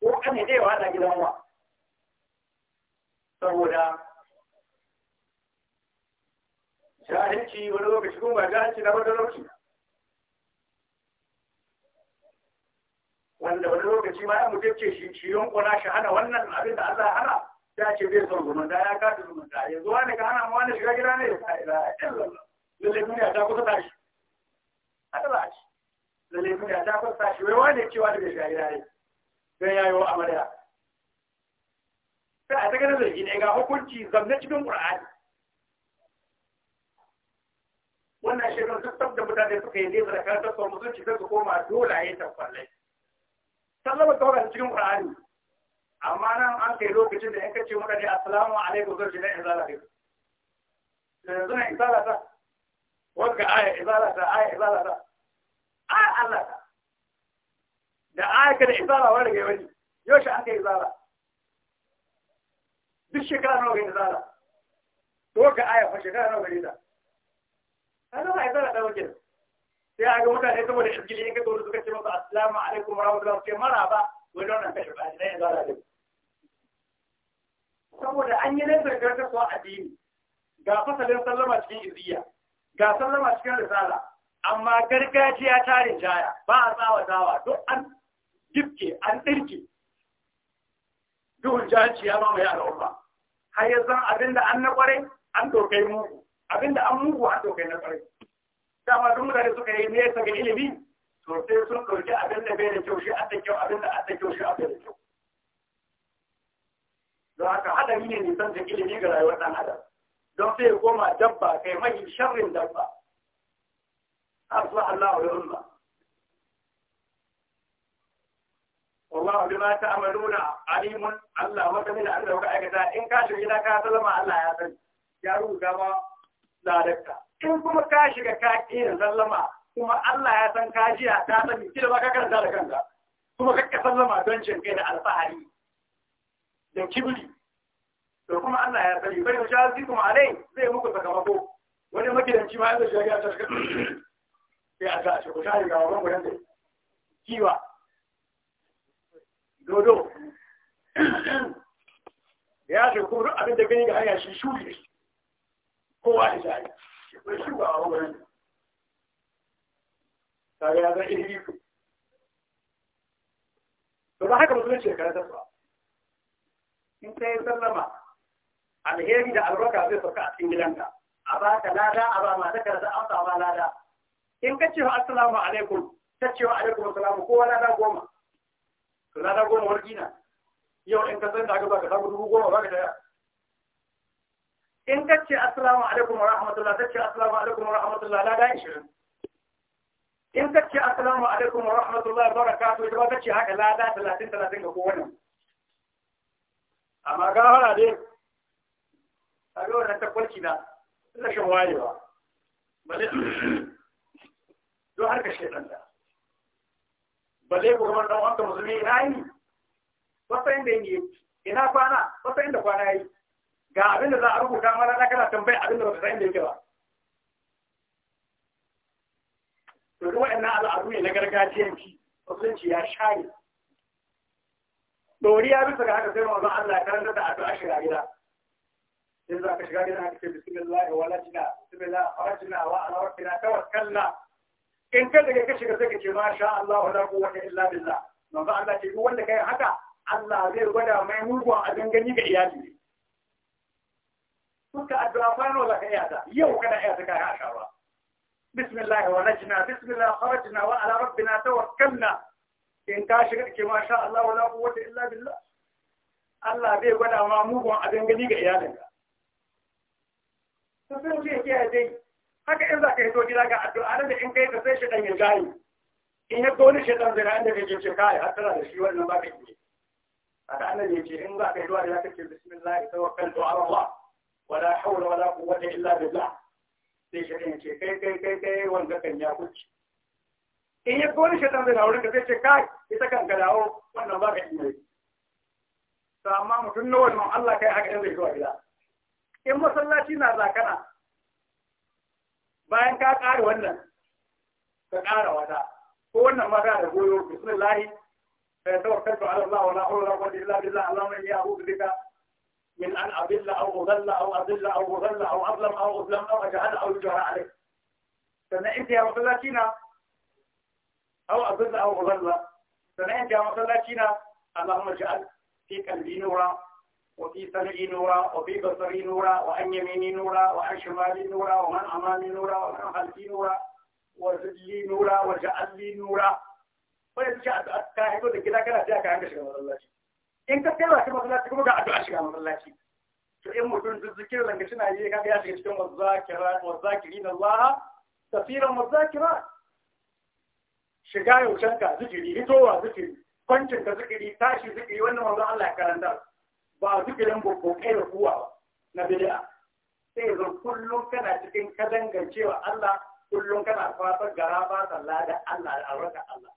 ko kane dai ya hada gidan wa saboda jahilci wani lokaci kuma ba jahilci na wani lokaci wanda wani lokaci ma ya mutum ce shi ciyon kuna shi hana wannan abin da Allah hana ta ce son ne ka hana wani shiga gida ne ya sa ila lallai a ta kusa tashi wani cewa da bai shiga gida ne don ya yi wa amarya sai a ta gani zargi ne ga hukunci zamne cikin ƙur'ani wannan shirin duk da mutane suka yi nesa da kan tattalin musulci sai su koma dole a yi tafallai sallama ta cikin ƙur'ani amma nan an kai lokacin da in ka ce maka dai assalamu alaikum zai shiga izala ne yanzu na izala ta wanda aya izala ta aya izala ta aya Allah ta da aya ka da izala wani ga wani yau shi an kai izala duk shekara nawa ga izala to ga aya fa shekara nawa ga ta an zama izala ta wakil sai a ga mutane saboda shigili in ka zo suka ce maka assalamu alaikum warahmatullahi wabarakatuh maraba wani wannan kashi ba ne izala ne saboda an yi nesa gargaswa addini ga fasalin sallama cikin iziya ga sallama cikin risala amma gargajiya ta rinjaya ba a tsawatawa duk an jifke an ɗirke duhun jahanci ya mamaye al'umma har ya zan abinda an na kwarai an dokai mugu abinda an mugu an dokai na kwarai dama duk mutane suka yi nesa ga ilimi sosai sun ɗauki abinda bai da kyau shi an da kyau abinda an da kyau shi an da kyau don haka haɗari ne nisan da ilimi ga rayuwar ɗan adam don sai ya koma dabba kai mai sharrin dabba asu Allah wa umma wallahu bima ta'maluna alimun Allah maka min Allah ka aikata in ka shiga ina ka sallama Allah ya sani ya rubuta ma ladarka in kuma ka shiga ka kira sallama kuma Allah ya san ka jiya ta sani kila ba ka karanta da kanka kuma ka kakka sallama don cin kai da alfahari da kibri to kuma Allah ya sani bai ja zai kuma alai zai muku sakamako wani magidanci ma yanzu shari'a ta shiga sai a sa ku shari ga wannan gurin dai kiwa dodo da ya shiga kuma abin da gani ga hanya shi shuri kowa da shari bai shuga a wannan gudan kaga ya zan iri to ba haka mutum ce karatar ba in ta yi sallama alheri da albarka zai sauka a cikin gidanka a ba ka lada a ba ma ta karata an sama lada in ka cewa assalamu alaikum ta cewa alaikum assalamu ko lada goma to lada goma wargi na yau in ka san da aka ba ka samu dubu goma ba ka daya in ka ce assalamu alaikum wa rahmatullah ta ce assalamu alaikum wa rahmatullah lada 20 in ka ce assalamu alaikum wa rahmatullah barakatuh ita ba ta ce haka lada 30 30 ga kowanne amma hana dai a ga wannan takwalci na rashin wayewa bale har harka shaitan da bale ko kamar dan wanka musulmi ina yi wata inda yi ina kwana wata inda kwana yi ga abin da za a rubuta mana na kana tambaya abin da ba san inda yake ba to ruwa ina al'adu ne na gargajiyanci musulunci ya share doriya bisa ga haka sai manzo Allah ya karanta da addu'a shiga gida sai za ka shiga gida haka ce bismillah wa la jina bismillah wa la jina wa ala rabbina tawakkalna in ka daga ka shiga sai ka ce masha Allah la quwwata illa billah manzo Allah ce wanda kai haka Allah zai gwada mai mugun abin gani ga iyali ne suka addu'a fara za ka iya ta yau kana iya ta kai hasha ba bismillah wa la jina bismillah kharajna wa ala rabbina tawakkalna in ka shiga ke ma sha Allah wala quwwata illa billah Allah zai gwada ma mugun abin gani ga iyalinka to sai ce ke dai haka in za ka hito gida ga addu'a da in kai ka sai shi dan yayi in ya ga shi dan zira inda kake cin kai har tana da shi wannan ba kai ne haka annabi ce in za ka hito da ka ce bismillah tu ala Allah wala hawla wala quwwata illa billah sai shi ya ce kai kai kai kai wanda kan ya kuci in ya kone shi zai dawo ka zai ce kai ita kan ka dawo wannan ba ka yi mai to amma mutum na wannan Allah kai haka zai zuwa gida in masallaci na zakana bayan ka ƙara wannan ka ƙara wata ko wannan ma da goyo bismillahi fa tawakkaltu ala Allah wa la hawla wa la quwwata illa billah Allahumma inni a'udhu bika min an adilla aw udalla aw adilla aw udalla aw adlam aw udlam aw ajhal aw yujra alayk sannan in ya masallaci na أو أضل أو أضل سنعين جامعة الله كنا اللهم اجعل في قلبي نورا وفي سمعي نورا وفي بصري نورا وعن يميني نورا وعن شمالي نورا ومن أمامي نورا ومن خلفي نورا وزلي نورا وجعل لي نورا ويسجى أتاهدو لكذا إيه كان جاءك عند شكرا الله إن كتبت شكرا الله تكون قاعد أشكرا الله to in mutum duk zikirin da suna yi kaga ya shiga cikin wazakirin Allah kafiran wazakirat shiga yaushen ka zikiri hitowa zikiri kwancin ka zikiri tashi zikiri wannan wanzu Allah ya karanta ba zikirin gobe kai da kuwa na bid'a sai yanzu kullum kana cikin kadangancewa Allah kullum kana fatar gara ba sallah da Allah da albarka Allah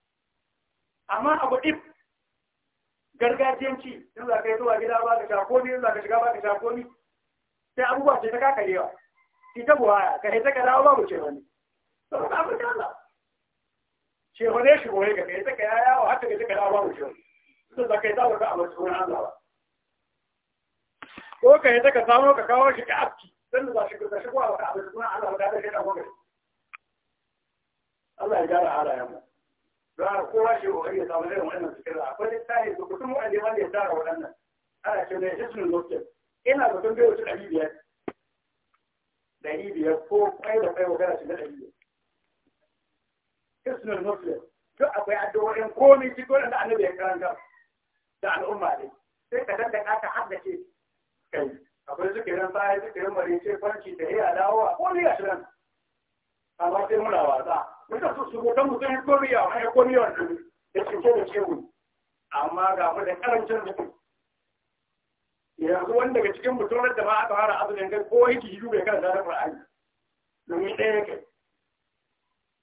amma abu ɗin gargajiyanci in za ka yi zuwa gida ba ka sha komi in za ka shiga ba ka sha komi sai abubuwa ce ta kakarewa ita buhaya ka haita ka dawo babu ce wani saboda abin da Allah shi wane shi goye ga kai saka ya yawo haka ga sun da kai za a an zaba. ko ka yi ka kawo shi ka afki sun da shi ka shi kowa ka a masu an zaba shi Allah ya mu kowa shi ya samu irin wannan akwai su ya tara waɗannan ana ce lokacin. ina ɗari biyar ɗari biyar ko ƙwai da ƙwai wa gara shi na ɗari biyar isnul muslim duk akwai addu'o'in komai shi dole da annabi ya karanta da al'umma ne sai ka danda ka haddace kai akwai zikirin baya zikirin marince kwanci da ya dawo a komai a shirin amma sai muna wasa muka su su gudan mutum ya komi a wani komi wani da cinke da cewu amma ga mu da karancin mutum yanzu wanda daga cikin mutum da ma aka fara azumin kai ko yake hidu bai karanta da Qur'ani domin ɗaya kai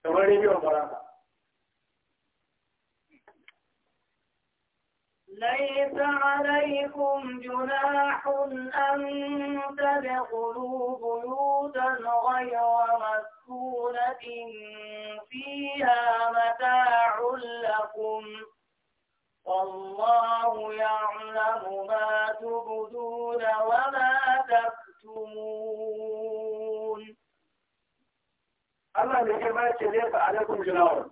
ليس عليكم جناح أن تدخلوا بيوتا غير مسكونة فيها متاع لكم والله يعلم ما تبدون وما تكتمون Allah mai girma ce ne fa alaikum jinawar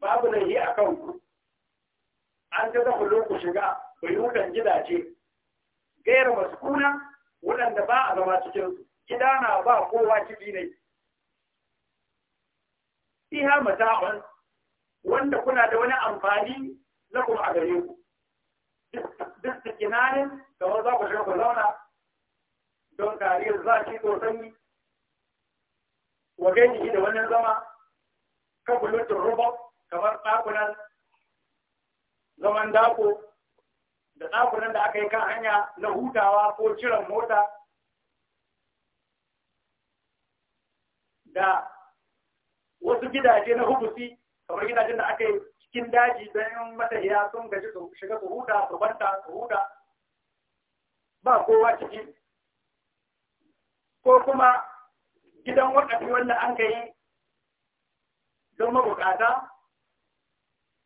babu da yi a kanku an ta zafi ku shiga buyutan gidaje gayar maskuna waɗanda ba a zama cikin gida na ba kowa ciki ne fiha mata'un wanda kuna da wani amfani lakum a gare ku duk da kinanin kamar za ku shiga ku zauna don kariyar zafi ko sanyi wa gani da wannan zama ka bulutun rubo kamar ɗakunan zaman dako da ɗakunan da aka yi kan hanya na hutawa ko ciran mota da wasu gidaje na hubusi kamar gidajen da aka yi cikin daji don matahiya sun gaji su shiga su huta su banta su huta ba kowa ciki ko kuma gidan wakafi wanda an yi don mabukata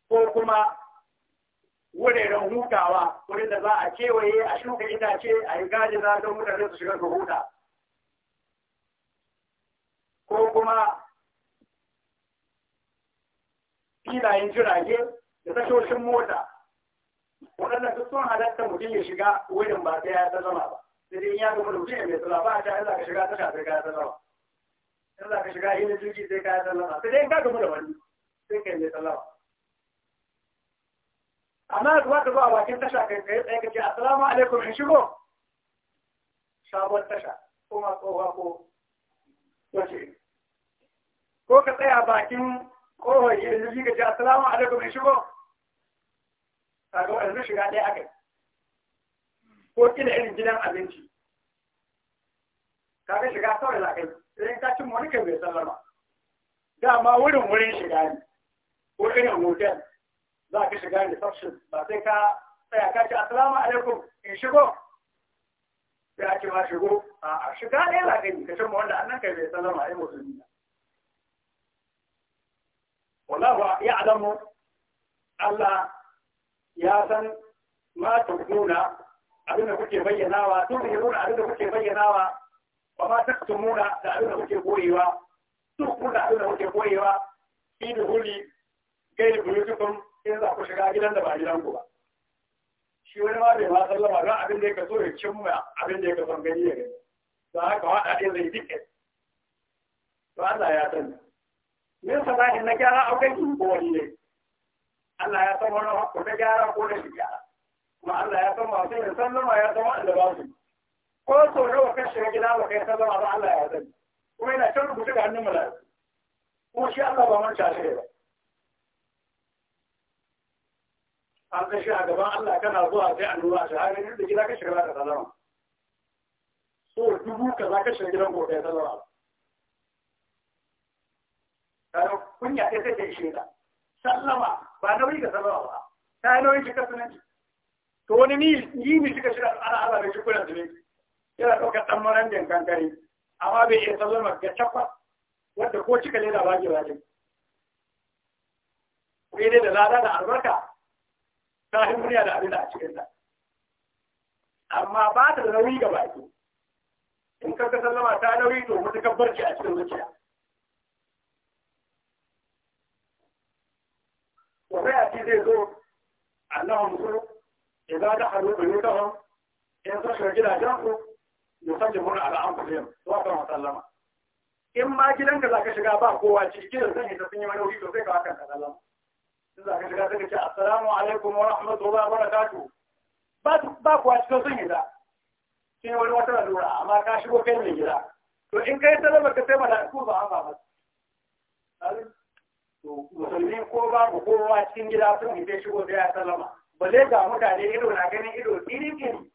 ko kuma wuraren hutawa wurin da za a kewaye a shuka itace a yi gajina don mutane su shiga su huta ko kuma filayen jirage da tashoshin mota waɗanda duk sun halatta mutum ya shiga wurin ba sai ya ta zama ba sai dai ya ga mutum ya mai tsala ba a ta shiga ta shafi ta zama in za ka shiga yin jirgi sai ka yi sallama sai dai in ka gamu da wani sai ka yi mai sallama amma ka ba ka zo a bakin tasha kai tsaye tsaye ka ce assalamu alaikum in shigo sabon tasha ko ma ko wace ko ka tsaya bakin kowar yin jirgi ka ce assalamu alaikum in shigo kaga wanda shiga ɗaya aka yi ko kina irin gidan abinci Ka ga shiga kawai za ka yi sai ka wani kai bai sallama dama wurin wurin shiga ne ko irin hotel za ka shiga reception ba sai ka tsaya ka ce asalamu alaikum in shigo sai a ce ma shigo a shiga ne za ka yi ka cin wanda annan kai bai sallama ai musulmi wallahu ya adamu Allah ya san ma tukununa abinda kuke bayyanawa tun da abinda kuke bayyanawa وما تكتمون تعلمون وجه da تكون تعلمون وجه قويوا في دخول غير بيوتكم إن ذاكو شكا جلان دبا جلان قبا shi wani ma bai ma sallama don abin da ya kaso ya cimma abin da ya kaso gani ya gani don haka waɗa ɗin zai dike to Allah ya san yin sanahin na gyara akwai su ko wani ne Allah ya san wani hakku na gyara ko na shi gyara kuma Allah ya san masu yin sallama ya san waɗanda ba su ko sau nawa kan shiga gida wa kai zama ba Allah ya sani kuma yana can rubuce da hannun mala'iku kuma shi Allah ba manta shi ba an kai shi a gaban Allah kana zuwa sai an lura shi har da gida ka shiga ka zama. so dubu ka za ka shiga gidan gobe ya sallama kada kunya sai sai ta ishe ka sallama ba nauyi ka sallama ba ta yi nauyi shi ka sunanci to wani ni ni ne shi ka ana Allah da shi kuran zunubi yana ɗaukar ɗan maranjan kankare amma bai iya sallama ga cakwa wadda ko cika ne da ba bage kai dai da lada da albarka ta hin murya da abin da a cikin ta amma ba ta da nauyi ga baki in ka ka sallama ta nauyi to mutu ka barci a cikin zuciya wa sai a ci zai zo annahum su idza dakhalu buyutahum in sun shiga gidajen su yusajjimuna ala anfusihim wa kama sallama in ma gidan gidanka zaka shiga ba kowa ciki gidan zan hita sun yi wani wuri to sai ka hakan ka sallama in zaka shiga sai ka ce assalamu alaikum wa rahmatullahi wa barakatuh ba ba kowa cikin sun hita sun yi wani wata da lalura amma ka shigo kai ne gida to in kai ta sallama ka sai mala'iku ba an ba masa to musulmi ko babu kowa cikin gida sun yi hita shigo sai ya sallama balle ga mutane ido na ganin ido tsirin iri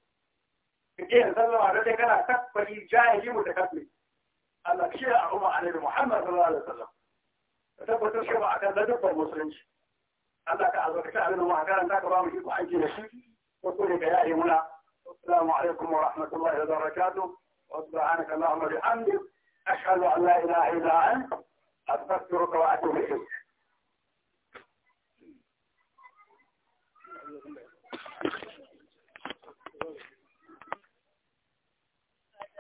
in ke yin sallama da dai kana takfari jahili mu da kafin Allah shi ya umma alaihi Muhammad sallallahu alaihi wasallam ka tabbatar shi ba akan da dukkan musulunci Allah ka albarkaci abin da mu karanta ka ba mu iko aiki da shi ko so ne ka yaye muna السلام عليكم ورحمة الله وبركاته وسبحانك اللهم وبحمدك أشهد أن لا إله إلا أنت أستغفرك وأتوب إليك Thank you.